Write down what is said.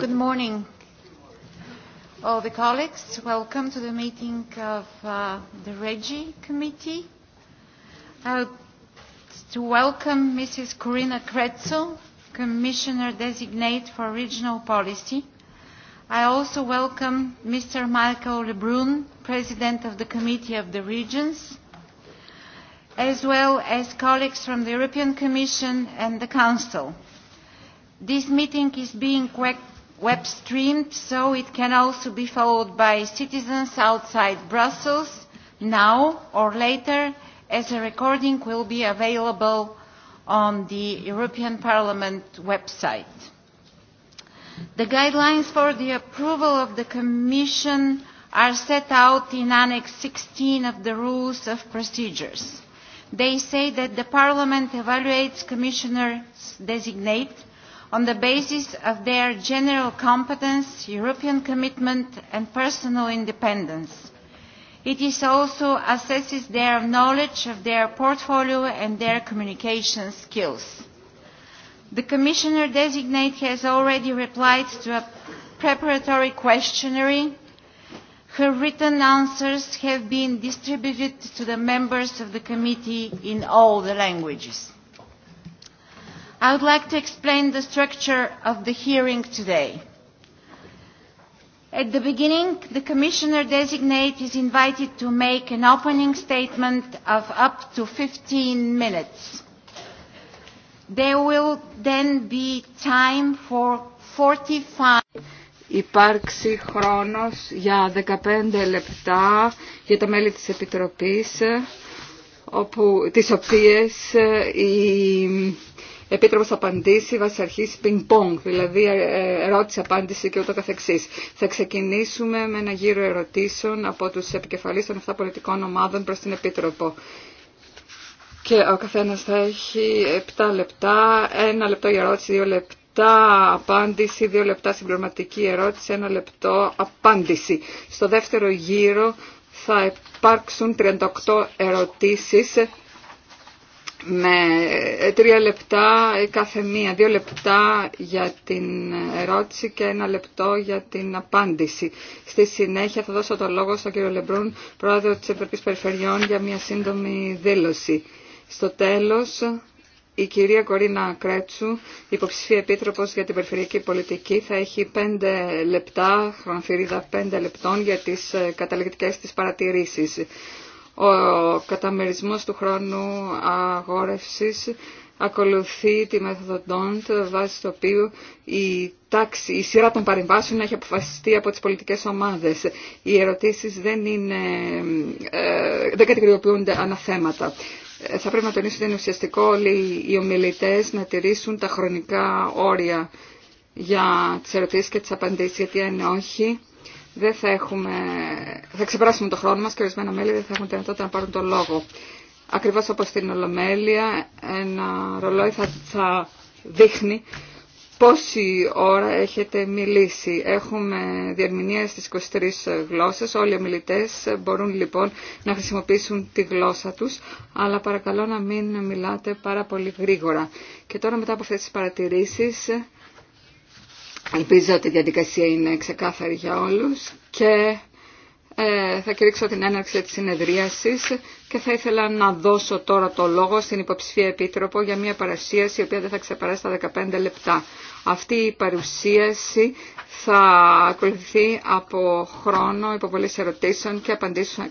Good morning, all the colleagues. Welcome to the meeting of the REGI Committee. I To welcome Mrs. Corina Kretzel, Commissioner Designate for Regional Policy. I also welcome Mr. Michael Lebrun, President of the Committee of the Regions, as well as colleagues from the European Commission and the Council. This meeting is being web streamed, so it can also be followed by citizens outside Brussels now or later, as a recording will be available on the European Parliament website. The guidelines for the approval of the Commission are set out in Annex 16 of the Rules of Procedures. They say that the Parliament evaluates Commissioners designate on the basis of their general competence, European commitment and personal independence. It also assesses their knowledge of their portfolio and their communication skills. The Commissioner designate has already replied to a preparatory questionnaire. Her written answers have been distributed to the members of the committee in all the languages. I would like to explain the structure of the hearing today. At the beginning, the Commissioner designate is invited to make an opening statement of up to 15 minutes. There will then be time for 45 υπάρξει χρόνος για 15 λεπτά για τα μέλη της Επιτροπής, όπου, τις οποίες οι Επίτροπο απαντησει απαντήσει αρχής πινκ-πονγκ, δηλαδή ε, ερώτηση-απάντηση και ούτω καθεξή. Θα ξεκινήσουμε με ένα γύρο ερωτήσεων από του επικεφαλεί των 7 πολιτικών ομάδων προ την Επίτροπο. Και ο καθένα θα έχει 7 λεπτά, 1 λεπτό για ερώτηση, 2 λεπτά απάντηση, δύο λεπτά συμπληρωματική ερώτηση, ένα λεπτό απάντηση. Στο δεύτερο γύρο θα υπάρξουν 38 ερωτήσεις με ναι, τρία λεπτά ε, κάθε μία, δύο λεπτά για την ερώτηση και ένα λεπτό για την απάντηση. Στη συνέχεια θα δώσω το λόγο στον κύριο Λεμπρούν, πρόεδρο της Ευρωπαϊκής Περιφερειών, για μια σύντομη δήλωση. Στο τέλος, η κυρία Κορίνα Κρέτσου, υποψηφία επίτροπος για την περιφερειακή πολιτική, θα έχει πέντε λεπτά, χρονοφυρίδα πέντε λεπτών για τις ε, καταληκτικές της παρατηρήσεις. Ο καταμερισμός του χρόνου αγόρευσης ακολουθεί τη μέθοδο DONT, βάσει του οποίου η, τάξη, η σειρά των παρεμβάσεων έχει αποφασιστεί από τις πολιτικές ομάδες. Οι ερωτήσεις δεν, είναι, ε, δεν κατηγοριοποιούνται αναθέματα. Ε, θα πρέπει να τονίσω ότι είναι ουσιαστικό όλοι οι ομιλητές να τηρήσουν τα χρονικά όρια για τις ερωτήσεις και τις απαντήσεις, γιατί αν όχι δεν θα έχουμε, θα ξεπεράσουμε το χρόνο μας και ορισμένα μέλη δεν θα έχουν δυνατότητα να πάρουν το λόγο. Ακριβώς όπως στην Ολομέλεια, ένα ρολόι θα, θα δείχνει πόση ώρα έχετε μιλήσει. Έχουμε διερμηνία στις 23 γλώσσες. Όλοι οι μιλητές μπορούν λοιπόν να χρησιμοποιήσουν τη γλώσσα τους, αλλά παρακαλώ να μην μιλάτε πάρα πολύ γρήγορα. Και τώρα μετά από αυτές τις παρατηρήσεις Ελπίζω ότι η διαδικασία είναι ξεκάθαρη για όλους και ε, θα κηρύξω την έναρξη της συνεδρίασης και θα ήθελα να δώσω τώρα το λόγο στην υποψηφία επίτροπο για μια παρουσίαση η οποία δεν θα ξεπεράσει τα 15 λεπτά. Αυτή η παρουσίαση θα ακολουθεί από χρόνο υποβολής ερωτήσεων και απαντήσεων